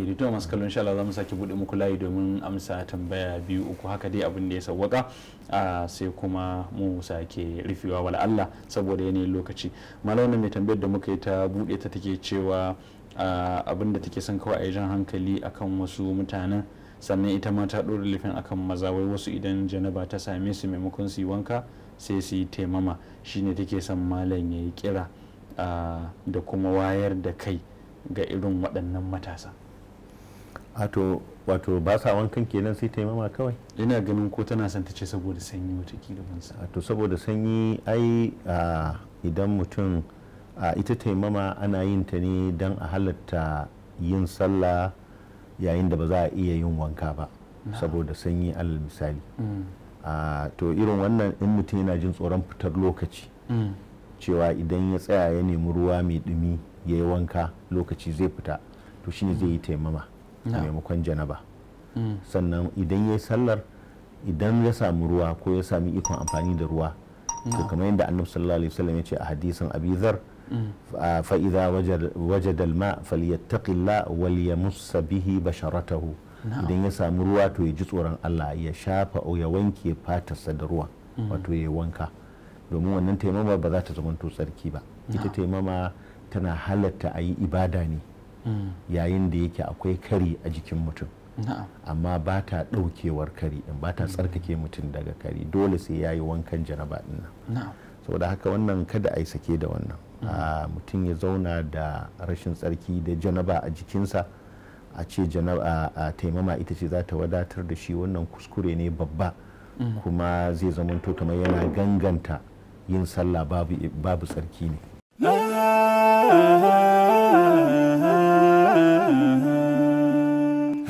daidaito masu kallon shala za mu sake buɗe muku layi domin amsa tambaya biyu uku haka dai abin da ya sawwaka ah, sai kuma mu sake rufewa wala Allah saboda yanayin lokaci malam mai tambayar da muka yi ta buɗe ta take cewa ah, abin da take son kawai a yi jan hankali akan wasu mutanen sannan ita ma ta ɗora lifin akan maza wai wasu idan janaba ta same su maimakon su yi wanka sai su yi taimama shine take son malam ya yi kira ah, da kuma wayar da kai ga irin waɗannan matasa wato wato ba sa wankan kenan sai ta mama kawai ina ganin ko tana son ta ce saboda sanyi kila ban sa to saboda sanyi ai idan mutum ita taimama ana yin ta ne don a halatta yin sallah yayin da ba za a iya yin wanka ba saboda sanyi alal misali mm. to irin wannan in mutum yana jin tsoron fitar lokaci mm. cewa idan ya tsaya ya nemi ruwa mai dumi ya yi wanka lokaci zai fita to shine zai yi taimama maimakon janaba mm. sannan idan ya sallar idan ya samu ruwa ko ya sami ikon amfani da ruwa to kamar yadda annabi sallallahu alaihi wasallam ya ce a hadisin abizar mm. fa idza wajada alma falyattaqilla wal yamussa bihi basharatahu idan ya samu ruwa to ya ji tsoron Allah ya shafa o ya wanke fatarsa da ruwa mm. wato ya wanka domin wannan taimama ba za ta zama to tsarki ba ita taimama tana halatta a yi ibada ne Mm. yayin da yake akwai kari a jikin mutum amma ba ta ɗaukewar kari ɗin ba ta tsarkake mutum daga kari dole sai ya yi wankan janaba ɗin nan saboda haka wannan kada a sake da wannan mm. mutum ya zauna da rashin tsarki da janaba a jikinsa a ce a taimama ita ce za ta wadatar da shi wannan kuskure ne babba mm. kuma zai zamanto kamar yana ganganta yin sallah babu tsarki ne